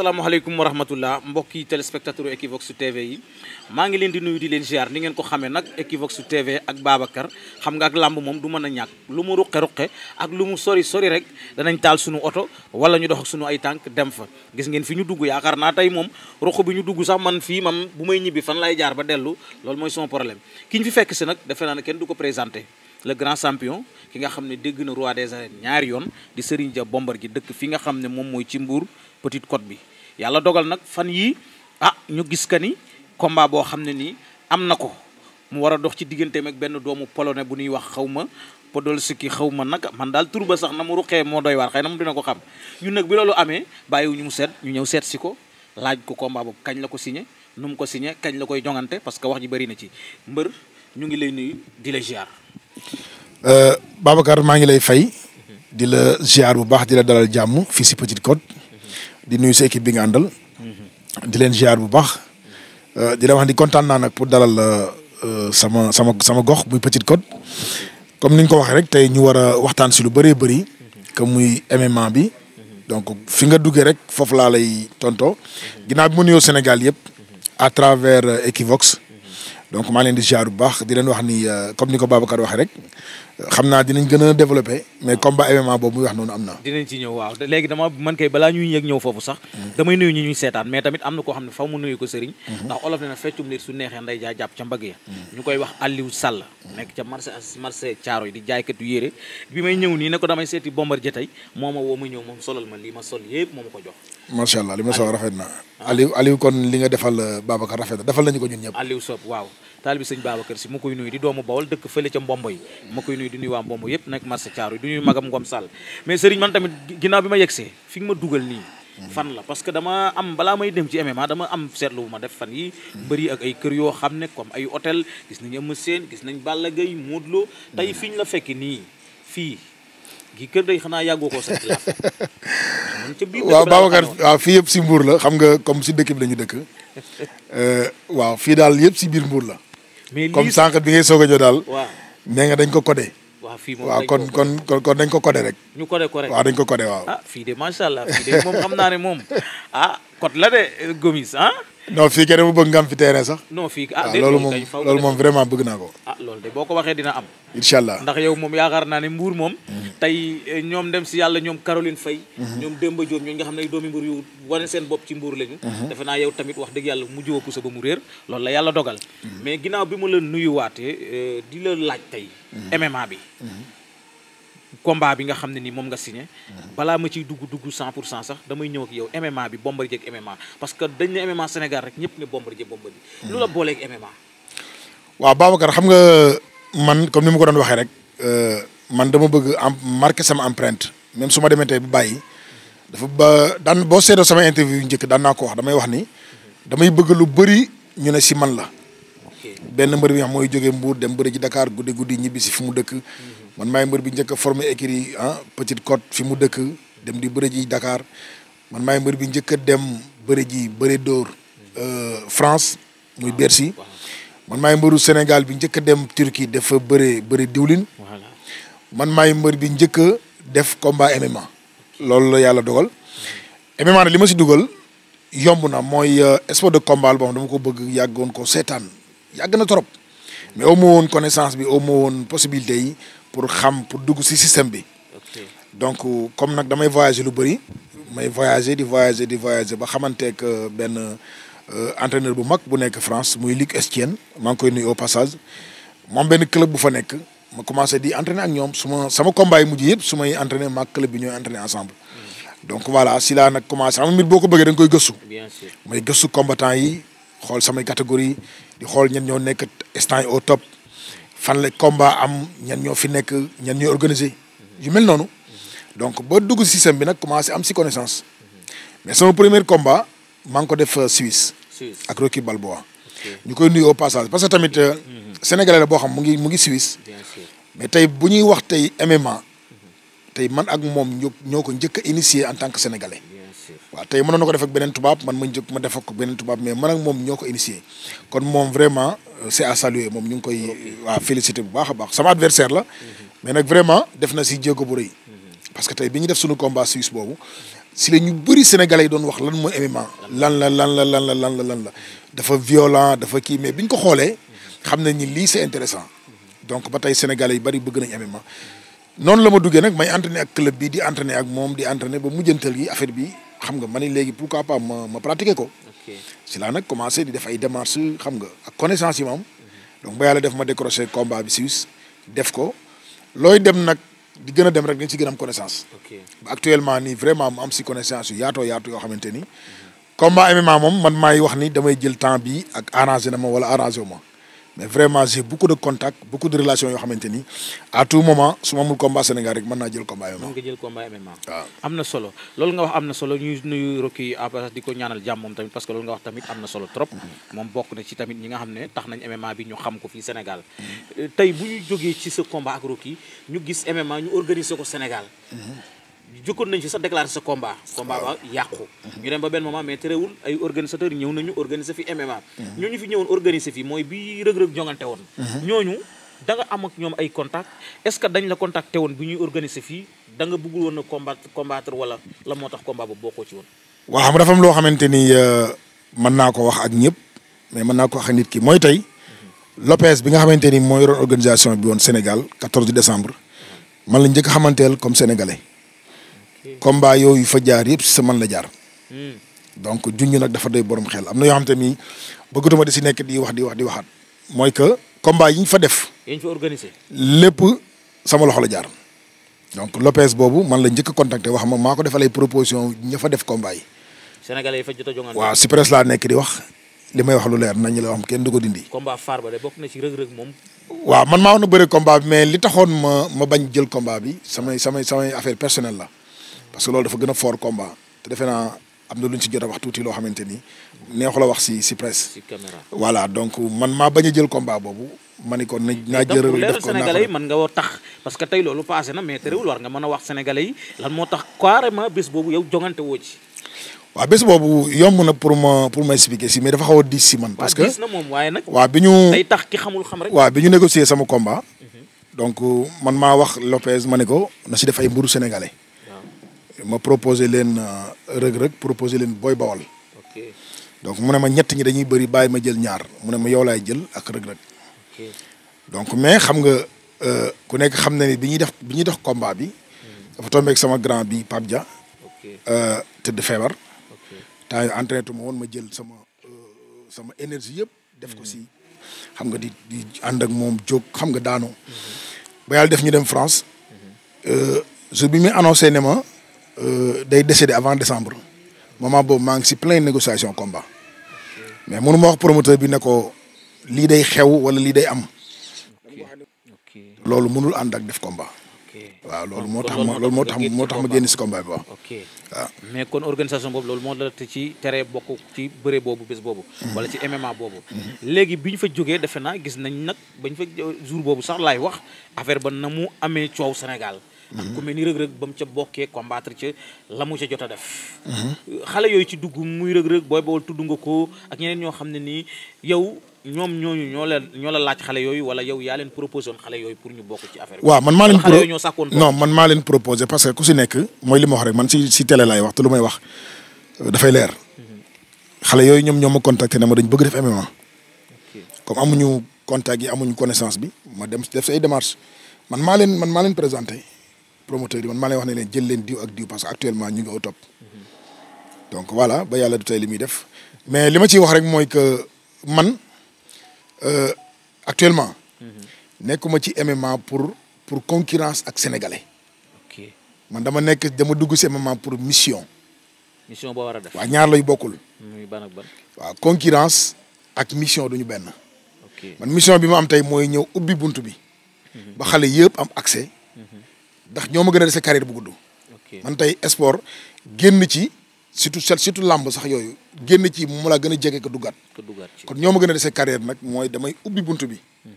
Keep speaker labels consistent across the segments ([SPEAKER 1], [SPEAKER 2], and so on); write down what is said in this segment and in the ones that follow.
[SPEAKER 1] asalaamaaleykum wa rahmatullah mbokki téléspectateur Equivox TV yi maa ngi leen di nuyu di leen ziar ni ngeen ko xamee nag Equivox TV ak Babacar xam nga ak làmb moom du mën a ñàkk lu mu ruqe-ruqe ak lu mu sori sori rek danañ taal suñu oto wala ñu dox ak suñu ay tànk dem fa gis ngeen fi ñu dugg yaakaar naa tey moom ruq bi ñu dugg sax man fii mam bu may ñibbi fan lay jaar ba dellu loolu mooy son problème ki fi fekk si nag defe naa ne kenn du ko présenté le grand champion ki nga xam ne dégg na roi des arènes ñaari yoon di Serigne Dia Bombardier gi dëkk fi nga xam ne moom mooy ci Mbour Petite Côte bi yàlla dogal nag fan yii ah ñu gis ka ni combat boo xam ne nii am na ko mu war a dox ci digganteem ak benn doomu polonais bu ñuy wax xaw ma Podolski xaw ma nag man daal tur ba sax na mu ruqee moo doy waar xay na mu dina ko xam ñun nag bi loolu amee bàyyiwuñu mu seet ñu ñëw seet si ko laaj ko komba boobu kañ la ko signé nu mu ko signé kañ la koy jongante parce que wax ji bëri na ci mbër ñu ngi lay nuyu di la
[SPEAKER 2] Euh, Babacar maa ngi lay fay di la ziar bu baax di la dalal jàmm fii si Petite Côte di nuyu sa équipe bi nga àndal di leen ziar bu baax euh, di la wax di kontaan naa nag pour dalal euh, sama sama sama gox muy Petite Côte comme ni ñu ko waxee rek tey ñu war a waxtaan si lu bëree bëri que muy MMA bi donc fi nga duggee rek foofu laa lay tonto ginnaaw bi ma nuyoo Sénégal yëpp à travers Equivox. donc maa leen di ziar bu baax di leen wax ni euh, comme ni ko Babacar waxee rek xam naa dinañ gën a développé mais combat événement boobu muy wax noonu am na
[SPEAKER 1] dinañ ci ñëw waaw léegi dama man kay balaa ñuy yëg ñëw foofu sax mm-hmm. damay nuyu ñi ñuy seetaan mais tamit am na ko xam ne faw mu nuyu ko sëriñ mm-hmm. ndax olof ne na feccum nit su neexee nday jaa jàpp ca mbagg ya mm-hmm. ñu koy wax Aliou Sall nekk ca marché marché caaro yi di jaaykatu yére bi may ñëw nii ne ko damay seeti Bombardier tey moo a woo ma ñëw moom solal ma lii ma sol yëpp moo ma ko jox
[SPEAKER 2] macha li ma sol rafet na ah. Aliou Aliou kon li nga defal euh, Babacar rafet na defal ko ñun ñëpp
[SPEAKER 1] Aliou Sob waaw taalibi sëñ Babacar si ma koy nuyu di doomu Bawol dëkk fële ca Mbombo yi ma koy nuyu di nuyu waa Mbombo yëpp nekk marché Thiaroye di nuyu magam Ngom Sall mais sëriñ man tamit ginnaaw bi ma yegsee fi nga ma dugal nii fan la parce que dama am balaa may dem ci MMA dama am seetlu bu ma def fan yi mbëri ak ay kër yoo xam ne comme ay hôtel gis nañ Eumeu seen gis nañ Balla la Modou Lo tey mm. fi ñu la fekk nii fii gi kër day xanaa yàggoo ko sant laa
[SPEAKER 2] waaw yëpp si mbuur la xam nga comme si dëkk bi dëkk euh, waaw fii daal yëpp si biir mbuur la mais comme sànq bi ngay soog a daal. waaw nee nga dañ ko codé. waaw fii moom waaw kon kon kon dañ ko codé rek. ñu codé ko rek dañ ko codé waaw.
[SPEAKER 1] ah fii de macha allah fii de moom xam naa moom ah code la de Gomis ah.
[SPEAKER 2] non fii kenn bu bëgg nga am fi terrain sax. non fii ah, ah déedéet loolu moom loolu moom vraiment bëgg naa ko.
[SPEAKER 1] ah loolu de boo ko waxee dina am. incha allah ndax yow moom yaakaar naa ne mbuur moom. Mhm. tey eh, ñoom dem si yàlla ñoom Caroline Faye. Mhm. ñoom Demba joom ñooñu nga xam ne doomi mbuur yu wane seen bopp ci mbuur lañu. Mhm. defe naa yow tamit wax dëgg yàlla mujj woo puso ba mu réer loolu la yàlla dogal. mais ginnaaw bi ma la nuyuwaatee eh, di la laaj tey. MMA bi. combat bi nga xam ne ni moom nga si signé mhm. balaa ma ciy dugg dugg cent pour cent sax damay ñëw ak yow MMA bi Bombardier ak MMA parce que dañ ne MMA Sénégal rek ñëpp ne Bombardier Bombardier lu la mhm. booleeg MMA
[SPEAKER 2] waaw Babacar xam nga man comme ni ma ko doon waxee rek euh, man dama bëgg am marqué sama empreinte même su ma demee tey bu bàyyi dafa ba daan boo seetoo sama interview yu njëkk daan naa ko wax damay wax ni mhm. damay bëgg lu bëri ñu ne si man la benn mbër bi nga xam mooy jógee Mbour dem bëri ci Dakar guddi guddi ñibbi si fi mu dëkk man maay mbër bi njëkk a formé écurie ah Petite Côte fi mu dëkk dem di bëre ji dakaar man maay mbër bi njëkk a dem bëre ji bëre dóor euh, France muy Bercy man maay mbëru Sénégal bi njëkk a dem Turquie dafa bëre bëre diwlin man maay mbër bi njëkk a def combat MMA loolu la yàlla dogal MMA nag li ma si dugal yomb na mooy euh, sport de combat boo dama ko bëgg yàggoon ko seetaan yàgg na trop. mais amu woon connaissance bi amu woon possibilité yi pour xam pour dugg si système bi. donc comme nag damay voyager lu bëri. may voyager di voyager di voyager ba xamanteek benn euh, entraîneur bu mag bu nekk France muy Luc Estienne maa ngi koy nuyu au passage moom benn club bu fa nekk ma commencé di entraîner ak ñoom su suma sama combat yi mujj yëpp su may entraîner maag club bi ñooy entraîner ensemble. Mm. donc voilà si laa nag commencé xam nga boo ko bëggee da koy gëstu. bien sûr gëstu combattant yi. xool samay catégorie di xool ñen ñoo nekk instant au top fan la combat am ñen ñoo fi nekk ñen ñooy organiser yu mel noonu donc boo dugg système bi nag commencé am si connaissance mais sama première combat maa ngi ko def euh, Suisse ak Rocky Balboa ñu koy nuyu au passage parce que tamit euh, mhm. sénégalais boo xam mu ngi mu ngi Suisse mais tey bu ñuy wax tey MMA tey man ak moom ñoo ko njëkk a en tant que sénégalais waaw tey ko def beneen tubaab man ma jóg ma def ak beneen tubaab mais man ko initié kon moom vraiment euh, c'est à moom ñu ngi koy waaw féliciter bu baax a baax sama adversaire mais nag vraiment def na si jéego bu rëy parce que tey bi ñu def suñu combat suisse boobu si la ñu bëri sénégalais yi doon wax lan mooy MMA lan la lan la lan la lan la lan la dafa violent dafa kii mais bi ñu ko xoolee xam nañ ni lii c'est intéressant donc ba tey sénégalais yi bëri bëgg nañ MMA noonu la ma duggee nag may entraîner ak club bi di entraîner ak moom di entraîner ba mujjantal yi affaire bi xam nga ma ne léegi pourquoi pas ma ma pratiquer ko. ok si laa nag commencé di def ay démarches xam nga ak connaissance yi ma donc ba yàlla def ma décroché combat bi Suisse def ko looy dem nag di gën a dem rek dañ ci gën a am connaissance. ba actuellement nii vraiment mu am si connaissance yu yaato yaatu yoo xamante ni. combat MMA moom man maay wax nii damay jël temps bi ak arrangé na ma wala arrangé wu ma. mais vraiment j'ai beaucoup de contacts beaucoup de relations yoo xamante ni à tout moment su ma amul combat Sénégal rek mën naa jël combat MMA. mën
[SPEAKER 1] nga jël combat MMA. am na solo loolu ko ñaanal jàmm moom tamit parce que loolu nga wax tamit am na solo trop. Mm-hmm. moom bokk na ci tamit ñi nga xam ne tax nañ MMA bi ñu xam ko fii Sénégal. Mm-hmm. tey bu ñu jógee ci sa combat ak Rocky ñu gis MMA ñu organiser ko Sénégal. Mm-hmm. jukkoon nañ fi sax déclarer sa combat combat ba yàqu ñu dem ba benn moment mais terewul ay organisateurs ñëw nañu organiser fi MMA ñooñu fi ñëwoon organiser fi mooy bi rëg-rëg jongante woon ñooñu da am ak ñoom ay contact est-ce que dañ la contacté woon bi ñuy organiser fii danga nga woon a combattre combattre wala la moo tax combat ba bokkoo ci woon
[SPEAKER 2] waaw xam dafa loo xamante ni euh, mën naa ko wax ak ñëpp mais mën naa ko wax nit ki mooy tey Lopez bi nga xamante ni mooy yoroon organisation bi woon Sénégal 14 décembre man la njëkk xamanteel comme sénégalais combat yooyu fa jaar yëpp si sa man la jaar. Hmm. donc junj nag dafa doy borom xel am na yoo xam te ni bëggatuma di si nekk di wax di wax di waxaat. mooy que combat ñu fa def. yi ñu fa lépp sama loxo la jaar. donc Lopez boobu man la njëkk a wax ma maa ko defal ay proposition fa def combat yi.
[SPEAKER 1] yi fa jot a joŋante. waaw si presse laa nekk
[SPEAKER 2] di wax. li may wax lu leer nañ la wax kenn du ko dindi.
[SPEAKER 1] combat Farba de bokk na ci rëg-rëg moom. waaw
[SPEAKER 2] man maa woon na bëre combat bi mais li taxoon ma ma bañ jël combat bi samay samay samay affaire personnelle la. parce loolu dafa gën a foor combat te defe naa am na lu ñu ci jot a wax tuuti loo xamante ni neexu la wax si si presse. si caméra voilà donc man maa bañ a jël combat boobu. ma ni ko na naa jërër def ko sénégalais yi
[SPEAKER 1] mën nga woo tax parce que tey loolu passé na mais terewul nga mën a wax sénégalais yi moo tax carrément bés boobu yow woo ci.
[SPEAKER 2] waaw bés boobu yomb na pour ma pour ma expliquer si mais dafa xaw a si man. parce que diis na
[SPEAKER 1] moom bi ñu tax ki xamul xam rek. waaw bi
[SPEAKER 2] ñu négocier sama combat. Mhm. donc man maa wax Lopez ma ne ko na si def ay mburu sénégalais. ma proposé leen euh, rëg-rëg proposé leen Boy Bawal. ok donc mu ne ma ñett ñi dañuy bëri bàyyi ma jël ñaar mu ne ma yow laay jël ak rëg-rëg. donc mais xam nga euh, ku nekk xam na ni bi ñuy def bi ñuy def combat bi. Hmm. dafa sama grand bi Pape Dia. Euh, tëdd feebar. temps yii entraîné tu ma woon ma jël sama sama énergie yëpp. def ko hmm. si xam nga di di ànd ak moom jóg xam nga daanoo. Hmm. ba def ñu dem France. jour bi muy annoncé ne ma. Euh, day décédé avant décembre moment boobu maa ngi si plein négociation combat mais mënu ma wax promoteur bi ne ko lii day xew wala lii day am loolu mënul ànd ak def combat. waaw loolu moo tax ma loolu moo tax moo tax ma génn si combat bi waaw. ok waaw
[SPEAKER 1] mais kon organisation boobu loolu moo la ci tere bokk ci bëre boobu bés boobu. Mhm. wala ci MMA boobu. Mhm. léegi bi ñu fa jógee defe naa gis nañ nag bañ fa jour boobu sax laay wax affaire ba na mu amee coow Sénégal. ak ku mel ni rëg ba mu ca bokkee combattre ca la mu ca jot a def mhm. xale yooyu ci dugg muy rëg-rëg booy boo bawol tudd nga ko ak ñeneen ñoo xam ne nii yow ñoom ñooñu ñoo la ñoo la laaj xale yooyu wala yow yaa leen proposé xale yooyu pour ñu bokk ci affaire waaw man maa leen xale yooyu
[SPEAKER 2] man maa leen proposé parce que ku si nekk mooy li ma wax rek man si wax te lu may euh, dafay leer mhm. xale yooyu ñoom ñoo ma contacté ne ma dañ bëgg def MMA comme amuñu contact yi amuñu connaissance bi ma dem def man maa leen man maa leen présenté promoteur yi man maa wax ne leen jël leen diw ak diw parce que actuellement ñu ngi au donc voilà ba yàlla du tey li muy def mais li ma ciy wax rek mooy que man euh, actuellement nekkuma ci MMA pour pour concurrence ak sénégalais ok man dama nekk dama dugg ci MMA pour mission.
[SPEAKER 1] mission boo war a def waaw ñaar lay bokkul. muy ban
[SPEAKER 2] ak concurrence ak mission duñu benn. ok man mission bi ma am tey mooy ñëw ubbi bunt bi. Mhm. ba xale yëpp am accès. ndax ñoo ma gën a dese carrière bu gudd. man tey sport génn ci surtout surtout làmb sax yooyu génn ci mu la gën a jege ko duggaat. kon ñoo ma gën a dese carrière nag mooy damay ubbi bunt bi. Mhm.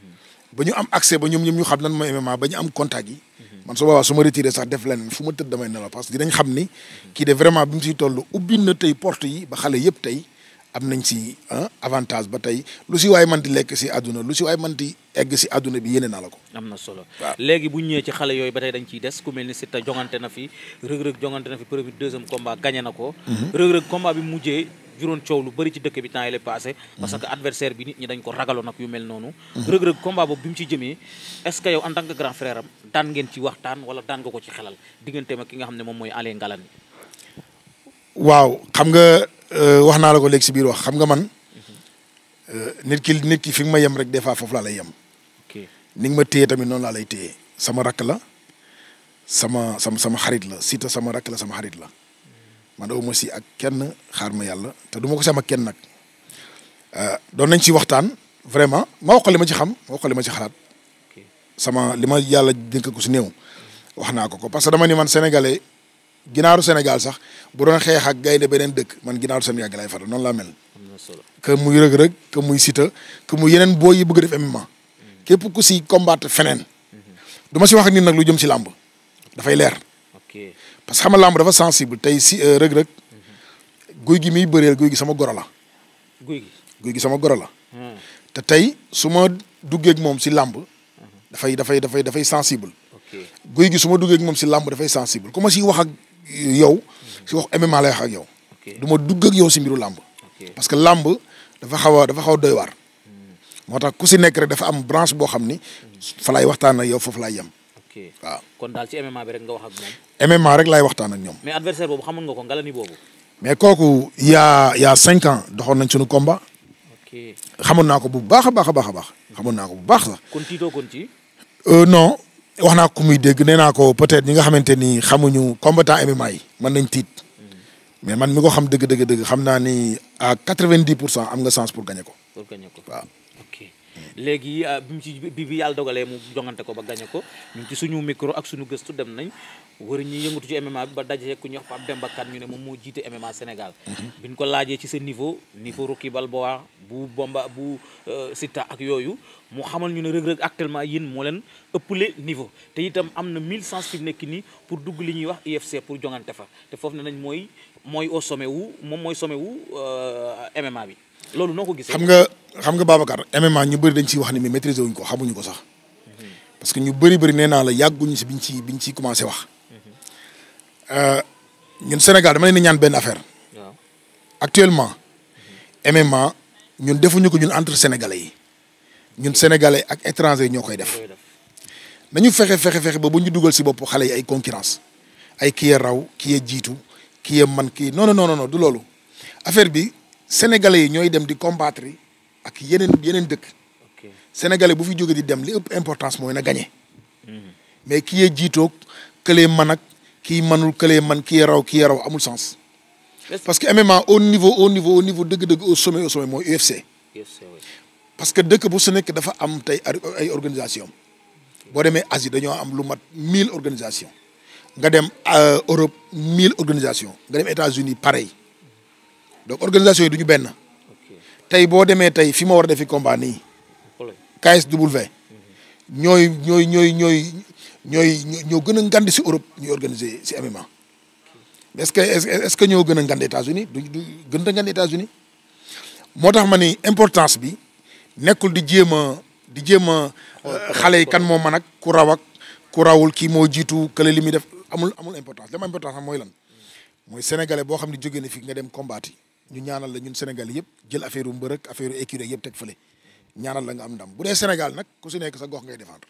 [SPEAKER 2] ba ñu am accès ba ñoom ñoom ñu xam na mooy MMA ba ñu am contact yi. Mhm. man su boobaa su ma retiré sax def leneen fu ma tëdd damay nelaw parce que dinañ xam ni. Mhm. kii de vraiment bi mu siy toll ubbi na tey porte yi ba xale yëpp tey. am nañ si avantage ba tey lu si waay manti lekk si àdduna bi yéene naa la ko.
[SPEAKER 1] am na solo waaw léegi bu ñëwee ci xale yooyu ba tey dañ ciy des ku mel ni Siteu jongante na fi rëg-rëg jongante na fi premier deuxième combat gagné na ko. Mhm. rëg-rëg combat bi lu bëri ci dëkk bi temps yi mhm. que adversaire ko ragaloon ak yu mel noonu. Mhm. rëg-rëg combat boobu bi mu ci jëmee est ce que yow en tant que grand frère am daan ngeen ci waxtaan wala daan nga ko ci xelal digganteem ak ki nga xam ne moom mooy Alain Ngalani.
[SPEAKER 2] waaw xam nga Euh, wax naa la ko léegi si biir wax xam nga man euh, nit ki nit ki fi nga ma yem rek des fois foofu laa lay yem. ni nga ma téye tamit noon laa lay téye sama rakk la sama sama sama xarit la Siteu sama rakk la sama xarit la man aw ma si ak kenn xaar ma yàlla te du ma ko sama kenn nag euh, doon nañ ci waxtaan vraiment ma wax ko ma ci xam ma wax ko ma ci xalaat sama li ma yàlla dénk ko si néew wax naa ko ko parce que dama ni man sénégalais. ginaaru Sénégal sax bu doon xeex ak gaynde beneen dëkk man ginaaru Sénégal gi lay faral noonu laa mel. que muy rëg-rëg que muy sita que muy yeneen boo yi bëgg def MMA. képp ku si combattre feneen. Mm-hmm. du si wax ak nit nag lu jëm si làmb dafay leer. parce que xam nga dafa sensible tey si euh, rëg-rëg. Mm-hmm. guy gi muy bëreel guy gi sama goro la. guy gi guy sama goro la. Mm. tey su ma duggee moom si làmb. Mm-hmm. dafay dafay dafay dafay sensible. guy gi su ma duggee ak moom si làmb dafay sensible ma siy wax ak. yow si wax MMA lay wax ak yow. du ma dugg yow si mbiru làmb. parce que làmb dafa xaw a dafa xaw a doy waar. Hmm. moo tax ku si nekk rek dafa am branche boo xam ni. fa laay waxtaan ak yow foofu laay yem.
[SPEAKER 1] waaw kon daal ci MMA rek nga wax
[SPEAKER 2] ak rek laay waxtaan ak ñoom.
[SPEAKER 1] mais boobu xamoon nga ko Ngalani boobu.
[SPEAKER 2] mais kooku yaa yaa cinq ans doxoon nañ suñu komba ok xamoon naa ko bu baax a baax a baax a baax. Hmm. xamoon naa ko bu baax sax.
[SPEAKER 1] kon tiitoo kon ci.
[SPEAKER 2] Euh, non. wax naa ko muy dégg nee naa ko peut ñi nga xamante ni xamuñu combattant MMA yi mën nañ tiit mais man mi ko xam dëgg dëgg dëgg naa ni a quatre-vingt-dix pour cent am nga chance pour gagner ko.
[SPEAKER 1] pour ko waaw. léegi euh, bi mu ci bi bi yàlla dogalee mu jongante ko ba gañe ko ñun ci suñu micro ak suñu gëstu dem nañ wër ñi yëngatu ci MMA bi ba dajee ku ñu wax Pape Demba Kane ñu ne moom moo jiite MMA Sénégal mhm. bi ñu ko laajee ci sa niveau niveau Rocky Balboa bu Bomba bu euh, Sita ak yooyu mu xamal ñu ne rëg actuellement yéen moo leen ëpple niveau te itam am na 1000 sens fi nekk nii pour dugg li ñuy wax UFC pour jongante fa te foofu na nañ mooy mooy au sommet wu moom mooy sommet wu euh, MMA bi loolu noo ko gisee. xam nga xam
[SPEAKER 2] nga Babacar MMA ñu bëri dañ ciy wax ni mais maîtriser wuñ ko xamuñu ko sax mhm. parce que ñu bëri bëri nee naa la yàgguñu si biñ si biñ ciy commencé wax mhm. euh, ñun Sénégal dama leen ñaan benn affaire actuellement MMA ñun defuñu ko ñun entre sénégalais yi ñun sénégalais ak étranger ñoo koy def nañu fexe fexe fexe ba bu ñu dugal si bopp xale yi ay concurrence ay kii raw kii jiitu kii man kii non non non non du loolu affaire bi. sénégalais yi ñooy dem di combattre ak yeneen yeneen dëkk. sénégalais bu fi jógee di dem li ëpp importance mooy na gagné. Mhm. mais ki yee jiitoog këlee man ak kii manul këlee man kii raw kii raw amul sens. parce que MMA au niveau au niveau au niveau dëgg-dëgg au sommet au sommet mooy UFC. parce que dëkk bu su nekk dafa am tey ay organisation boo demee Asie dañoo am lu mat mille organisation nga dem euh, Europe mille organisation nga dem États-Unis pareil. donc organisation yi du ñu benn tey boo demee tey fi ma war a defi combat nii KSW mhm. ñooy ñooy ñooy ñooy ñooy ñoo gën a ngandi si Europe ñuy organiser si MMA est-ce que est-ce que ñoo gën a ngandi États-Unis du du gën a ngandi États-Unis moo tax ma ni importance bi nekkul di jéem a di jéem a oh, euh, xale yi kan moo mën ak ku raw ak ku rawul kii moo jiitu kële li muy def amul amul importance dama importance am mooy lan mm. mooy sénégalais boo xam ne jógee na fi nga dem combattre ñu ñaanal la ñun Sénégal yëpp jël affaire u mbër ak affaire u écurie yëpp teg fële ñaanal la nga am ndam bu dee Sénégal nag ku si nekk sa gox ngay défendre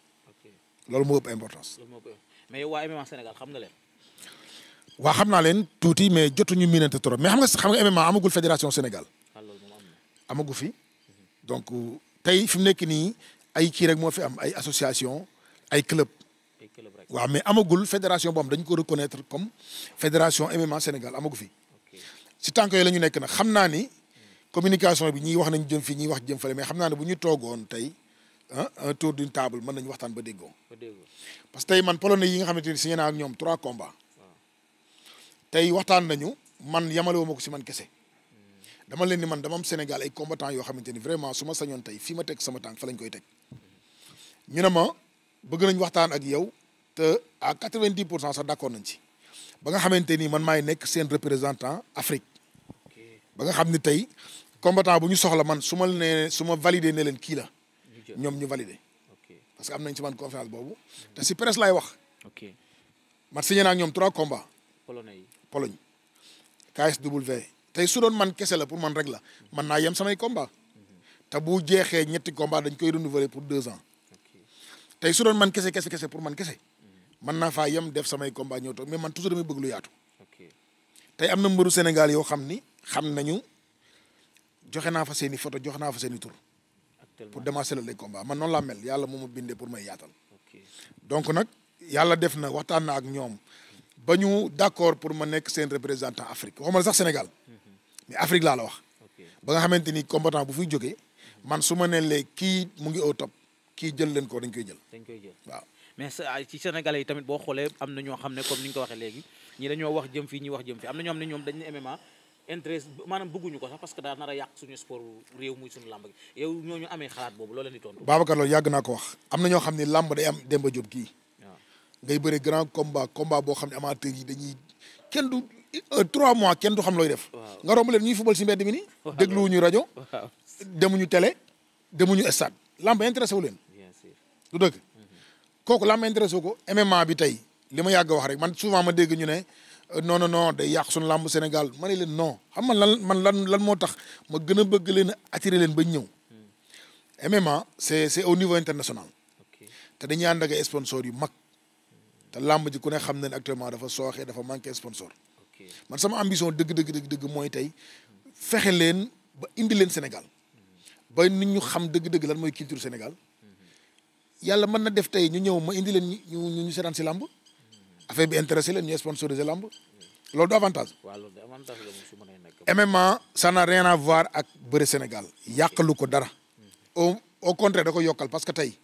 [SPEAKER 2] loolu moo ëpp importance.
[SPEAKER 1] mais waa MMA Sénégal xam nga leen.
[SPEAKER 2] waa xam naa leen tuuti mais jotuñu miinante trop mais xam nga xam nga MMA amagul fédération Sénégal. Ah, amagu fi donc tey fi mu nekk nii ay kii rek moo fi am ay association ay club. ay rek waaw mais amagul fédération boobu dañ ko reconnaître comme fédération MMA Sénégal amagu fi. si tànk yooyu la ñu nekk nag xam naa ni communication bi ñiy wax nañ jëm fii ñiy wax jëm fële mais xam naa ne bu ñu toogoon tey un tour d'une table mën nañu waxtaan ba déggoo. parce que tey man polonais yi nga xamante ni signé naa ak ñoom trois combats. tey waxtaan nañu man yamalewu ma ko si man kese. dama leen ni man dama am Sénégal ay combattant yoo xamante ni vraiment suma sañoon tey fii ma teg sama tànk fa lañ koy teg. ñu ne ma bëgg nañ waxtaan ak yow te à quatre vingt pour cent sax d'accord nañ ci ba nga xamante ni man maay nekk seen représentant Afrique. ba nga xam ni tey combattant bu ñu soxla man su ma nee su ma ne leen kii la ñoom ñu validé parce que am nañ ci man confiance boobu te si presse laay wax. ok man signé naa ak ñoom trois combats. polonais yi Pologne KSW tey su doon man kese la pour man rek la man naa yem samay combat mhm. te bu jeexee ñetti combat dañ koy renouveler pour deux ans tey su doon man kese kese kese pour man kese mhm. man naa faa yem def samay combat ñëw toog mais man toujours damay bëgg lu yaatu. tey am na mbëru Sénégal yoo xam ni. xam nañu joxe naa fa seen i photo joxe naa fa seen i tur pour démarrer les combats man noonu laa mel yàlla moo ma bindee pour may yaatal donc nag yàlla def na waxtaan na ak ñoom ba ñu d'accord pour ma nekk seen représentant Afrique waxuma sax Sénégal mhm. mais Afrique laa la wax ba nga xamante ni combattant bu fiy jógee man su ma nee léegi kii mu ngi au top kii jël leen ko dañ koy jël dañ koy waaw
[SPEAKER 1] mais ci Sénégalais yi tamit boo xoolee am na ñoo xam ne comme ni waxee léegi ñi dañoo wax jëm fii ñi wax jëm fii am ñoom dañ ne intéresse maanaam bëgguñu ko sax parce que daa nar a yàq suñu sport réew muy suñu làmb gi yow ñooñu amee xalaat boobu loolu yàgg naa ko
[SPEAKER 2] wax am na ñoo xam ne làmb day am Demba Diop kii. ngay bëre grand combat combat boo xam ne amaa yi dañuy kenn du trois mois kenn du xam looy def. nga romb leen ñuy fubal si mbedd mi nii. waaw dégluwuñu rajo. demuñu tele demuñu stade làmb intéressé wu leen. bien sûr du dëgg. Mhm. kooku làmb intéressé wu ko MMA bi tey li ma yàgg wax rek man souvent ma dégg ñu ne. non non non day yàq suñu làmb Sénégal ma ne leen non xam nga man lan lan moo tax ma gën a bëgg leen attirer leen ba ñëw MMA c'est c'est au niveau international te dañuy ànd ak sponsor yu mag te làmb ji ku ne xam ne actuellement dafa sooxee dafa manqué sponsor man sama ambition dëgg dëgg dëgg dëgg mooy tey fexe leen ba indi leen Sénégal hmm. ba nit ñu xam dëgg dëgg lan mooy culture Sénégal hmm. yàlla mën na def tey ñu ñëw ma indi leen ñu ñu ñu si làmb affaire bi intéressé leen ñu sponsorisé lamb loolu du avantage.
[SPEAKER 1] waaw loolu avantage la moom su
[SPEAKER 2] nekk. MMA ça n'a rien à ak bëre Sénégal yàqalu ko dara. au au contraire da ko yokkal parce que tey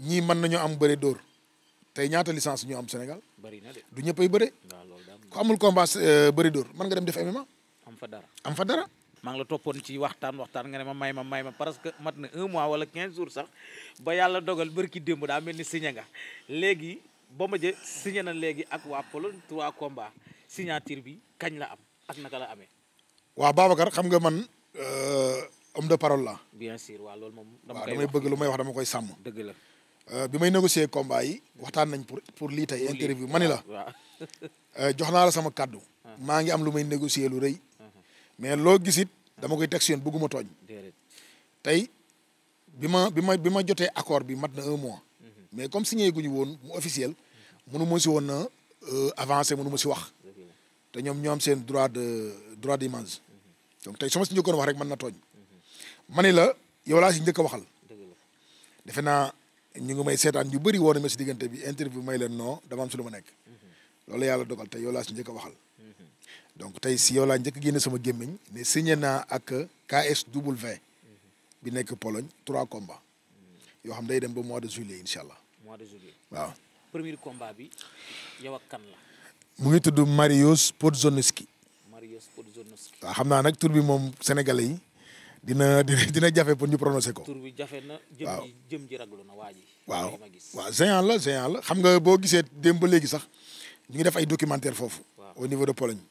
[SPEAKER 2] ñii mën nañoo am bëre door tey ñaata licence ñu am Sénégal. bari na de du ñëppay bëre. ku amul combat euh, bëre dóor mën nga dem def MMA. am fa dara am fa dara.
[SPEAKER 1] maa ngi la toppoon ci waxtaan waxtaan nga ne ma may ma may ma parce que mat na un mois wala quinze jours sax ba yàlla dogal bërki démb daa mel ni signé léegi. ma Bombardier signé na léegi ak waa Polo trois combats signature bi kañ la am ak naka la amee.
[SPEAKER 2] waa Babacar xam nga man euh, homme de parole la
[SPEAKER 1] bien sûr loolu moom. dama damay bëgg lu
[SPEAKER 2] may wax dama koy sàmm. dëgg la. Euh, bi may négocier combat yi waxtaan nañ pour pour lii tey interview ma ni la euh, jox naa la sama kàddu ah. maa ngi am lu may négocier lu rëy ah. mais loo gisit dama koy teg si yoon bëgguma tooñ tey bi ma bi ma bi ma jotee accord bi mat na un mois mais comme si signé ñu woon mu officiel mënu ma si woon na euh, avancé mënu ma si wax te ñoom ñoo am seen droit de droit d'image donc tey su ma si njëkkoon wax rek man na tooñ ma ne la yow laa si njëkk waxal defe naa ñu ngi may seetaan ñu bari woon na ma si diggante bi interview may leen noo dama am si lu ma nekk loolu yàlla dogal tey yow laa si njëkk waxal donc tey si yow laa njëkk génne sama gémmiñ ne signé naa ak KSW bi nekk Pologne trois combats yoo xam day dem ba mois de juillet incha allah mois de juillet. waaw bi yow ak kan la. mu ngi tudd Mariusz Podzonoski.
[SPEAKER 1] Mariusz Podzonoski. waaw
[SPEAKER 2] xam naa nag tur bi moom sénégalais yi dina dina dina jafe pour ñu prononcer ko. tur bi
[SPEAKER 1] jafe na. waaw jëm ji jëm ji ji. waaw waaw
[SPEAKER 2] la géant la xam nga boo gisee démb ba léegi sax ñu ngi def ay documentaire foofu. au niveau de Pologne.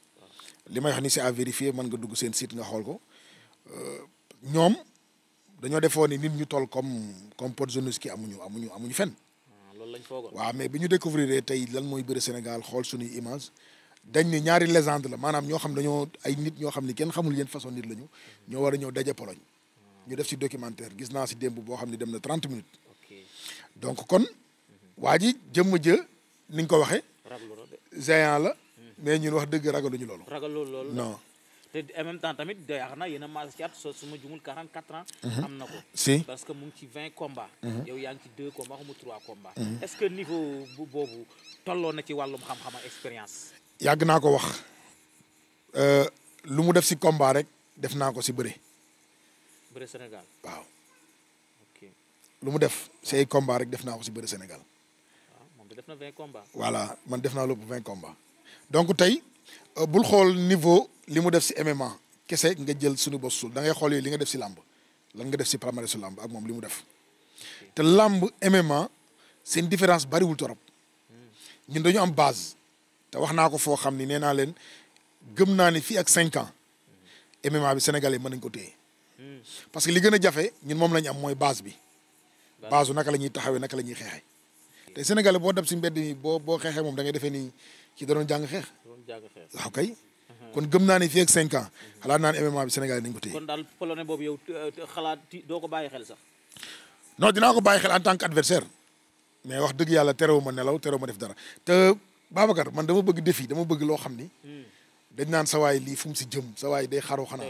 [SPEAKER 2] li may wax ni c'est à vérifier mën nga dugg seen site nga xool ko euh, ñoom dañoo defoon ni nit ñu toll comme comme amuñu amuñu amuñu loolu lañ foogoon waaw mais bi ñu découvrir tey lan mooy bëri Sénégal xool suñuy image dañ ni ñaari légende la maanaam ñoo xam dañoo ay nit ñoo xam ni kenn xamul yéen façon nit la ñu ñoo war a ñëw daje Pologne ñu def si documentaire gis naa si démb boo xam ne dem na trente minutes donc kon waa ji jëmm jë ni nga ko waxee géant la mais ñun wax dëgg ragaluñu loolu non
[SPEAKER 1] te en même temps tamit yaakaar naa yéen a maas ci at so su ma ans. Mhm. am na ko. si parce que mu ngi ci 20 combats. Mhm. yow yaa ngi ci 2 combats xamu 3 combats. Mhm. est ce que niveau boobu tolloo na ci wàllum xam-xam ak expérience.
[SPEAKER 2] yàgg naa ko wax euh, lu mu def si combat rek def naa ko si bëre.
[SPEAKER 1] bëre Sénégal waaw. ok
[SPEAKER 2] lu mu def si ay rek def naa ko si bëre Sénégal. waaw
[SPEAKER 1] ah, moom def na 20 combats. voilà
[SPEAKER 2] man def naa lépp 20 donc tey. Euh, bul xool niveau li mu def si MMA kese nga jël suñu bos suul da ngay xool li nga def si làmb lan nga def si palmarès su làmb ak moom li mu def te làmb MMA seen différence bariwul trop ñun dañu am base te wax naa ko foo xam ni nee naa leen gëm naa ni fii ak cinq ans MMA bi sénégalais mën nañ ko téye hmm. parce que li gën a jafe ñun moom la ñu am mooy base bi base naka la ñuy taxawee naka la ñuy xeexee te Sénégal boo dab si mbedd boo boo xeexee moom da ngay defee ni ci da doon jàng xeex. waaw ah, kay. Uh-huh. kon gëm naa ne fii ak cinq ans xalaat naa ne MMA bi Sénégal dañ ko téye.
[SPEAKER 1] daal polonais boobu yow euh, xalaat doo ko bàyyi xel
[SPEAKER 2] sax. non dinaa ko bàyyi xel en tant mais wax dëgg yàlla terewu ma nelaw terewu ma def dara te Babacar man dama bëgg défi dama bëgg loo xam ni. Hmm. dañ naan sawaay lii fu mu si jëm sawaay day xaru xanaa.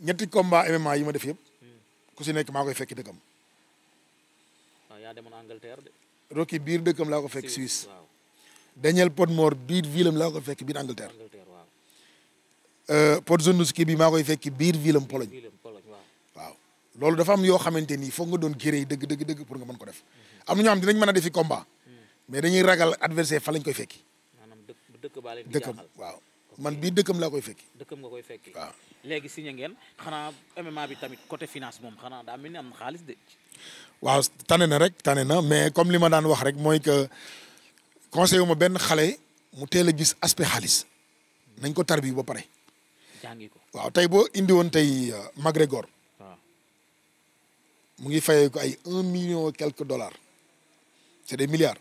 [SPEAKER 2] ñetti combat MMA yi ma def yëpp. Hmm. ku si nekk maa koy fekk dëggam.
[SPEAKER 1] waaw ah, yaa demoon Angleterre de.
[SPEAKER 2] Rocky biir dëkkam laa ko fekk Suisse Daniel Podmore biir vilam laa ko fekk biir Angleterre euh, Podzonuski bi maa koy fekk biir vilam Pologne waaw loolu dafa am yoo xamante ni foog nga doon géré dëgg dëgg dëgg pour nga mën ko def mhm. am na ñoo xam dinañ mën a defi combat mhm. mais dañuy ragal adversaire fa lañ koy fekki
[SPEAKER 1] dëkk waaw
[SPEAKER 2] man bii dëkkam laa koy fekki.
[SPEAKER 1] dëkkam nga koy fekki. waaw léegi signé ngeen xanaa MMA bi tamit côté finance moom xanaa daa mel ni am na xaalis de.
[SPEAKER 2] waaw tane na rek tane na mais comme li ma daan wax rek mooy que conseil wu ma benn xale mu teel a gis aspect xaalis nañ ko tarbi ba pare. jàngi ko waaw tey boo indi woon tey euh, McGregor. mu ngi fayee ko ay un million et quelques dollars c'est des milliards.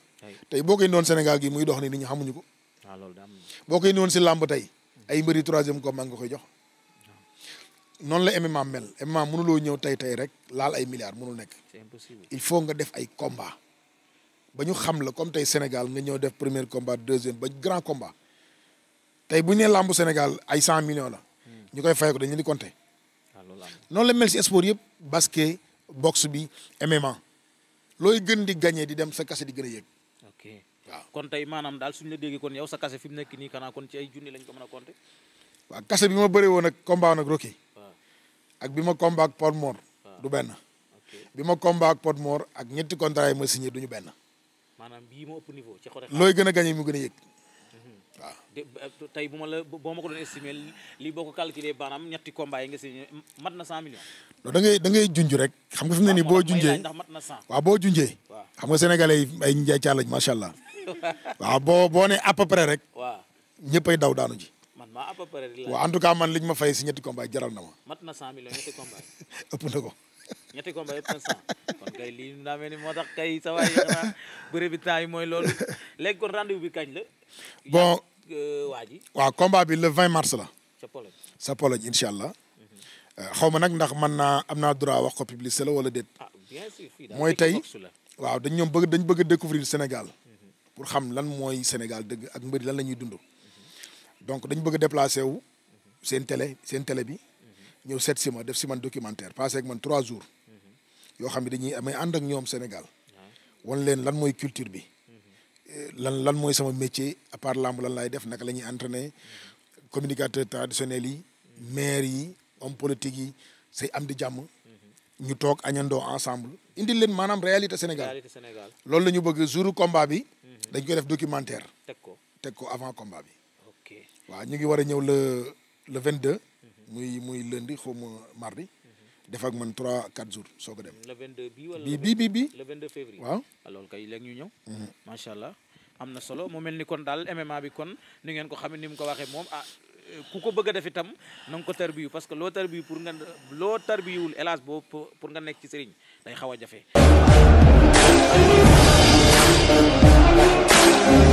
[SPEAKER 2] tey boo koy doon Sénégal gi muy dox ni nit ñi xamuñu ko. boo koy woon si làmb tey ay mbëri troisième combat nga koy jox noonu la MMA mel MMA mënuloo ñëw tey tey rek laal ay milliards mënul nekk. c'est impossible il faut nga def ay combat ba ñu xam la comme tey Sénégal nga ñëw def premier combat deuxième ba grand combat tey bu ñu nee làmbu Sénégal ay cent millions la. Hmm. ñu koy fay ko dañu leen di compter. Ah, noonu la mel si sport yëpp basket boxe bi MMA looy gën di gañee di dem sa kase di gën a yëg.
[SPEAKER 1] waaw kon tey maanaam daal suñu la déggee kon yow sa kase fi mu nekk nii xanaa kon ci ay junni lañ ko mën a compter.
[SPEAKER 2] waaw kase bi ma bëri woon ak combat nag Rocky. ak bi ma combat ak Pod Mor. du benn. bi ma combat ak Pod Mor ak ñetti contrat yi ma signé du ñu benn.
[SPEAKER 1] maanaam bii moo ëpp niveau ci côté. looy gën a gagné mu gën a
[SPEAKER 2] yëg. Mhm.
[SPEAKER 1] waaw de tey bu ma la boo ma ko doon estimé lii boo ko calculé baanaam ñetti combat yi nga signé mat na cent millions.
[SPEAKER 2] non da ngay da ngay junj rek. xam nga fi mu ne nii boo junjee waaw boo junjee. xam nga sénégalais ay njaay caalañ macha allah. waaw boo boo nee à peu rek. waaw ñëppay daw daanu ji.
[SPEAKER 1] man maa à peu waaw en tout cas man li
[SPEAKER 2] ñu ma fay si ñetti combat jaral na ma.
[SPEAKER 1] mat na 100 millions ñetti combat.
[SPEAKER 2] ëpp na ko.
[SPEAKER 1] ñetti combat yëpp na 100 ni moo tax kay sa waay xanaa yi mooy loolu léegi kon rendez bi kañ la. bon euh, waa ji.
[SPEAKER 2] waaw combat bi le 20 mars la. sa Pologne sa Pologne incha allah. Mhm. Euh, xaw ma nag ndax man naa am naa droit wax ko publicité la wala déet. ah bien mooy tey waaw dañ ñoom bëgg dañ bëgg a découvrir Sénégal. Mhm. pour xam lan mooy Sénégal dëgg ak mbëri lan la ñuy dund donc dañ bëgg a wu seen télé seen télé bi ñëw set si ma def si man documentaire passé ak man trois jours yoo xam ne dañuy amee ànd ak ñoom Sénégal wan leen lan mooy culture bi lan lan mooy sama métier à part laay def naka la ñuy entraîner communicateur traditionnel yi maire yi homme politique yi say am di jàmm ñu toog añandoo ensemble indi leen maanaam réalité Sénégal loolu lañu ñu bëgg jour combat bi dañ koy def documentaire. teg ko teg ko avant combat bi. ok waaw ñu ngi war a ñëw le le vingt deux. muy muy lundi xaw ma mardi. def ak man trois quatre jours soog a dem.
[SPEAKER 1] le vingt deux bii wala bii bii bii. le vingt deux février waaw. alors kay léegi ñëw. Mhm. macha allah am na solo mu mel ni kon daal MMA bi kon ni ngeen ko xam ni mu ko waxee moom ah. ku ko bëgg def itam na nga ko tarbiyu parce que loo tarbiyu pour nga loo tarbiyuwul hélas boobu pour nga nekk ci sëriñ day xaw a jafe. Thank you.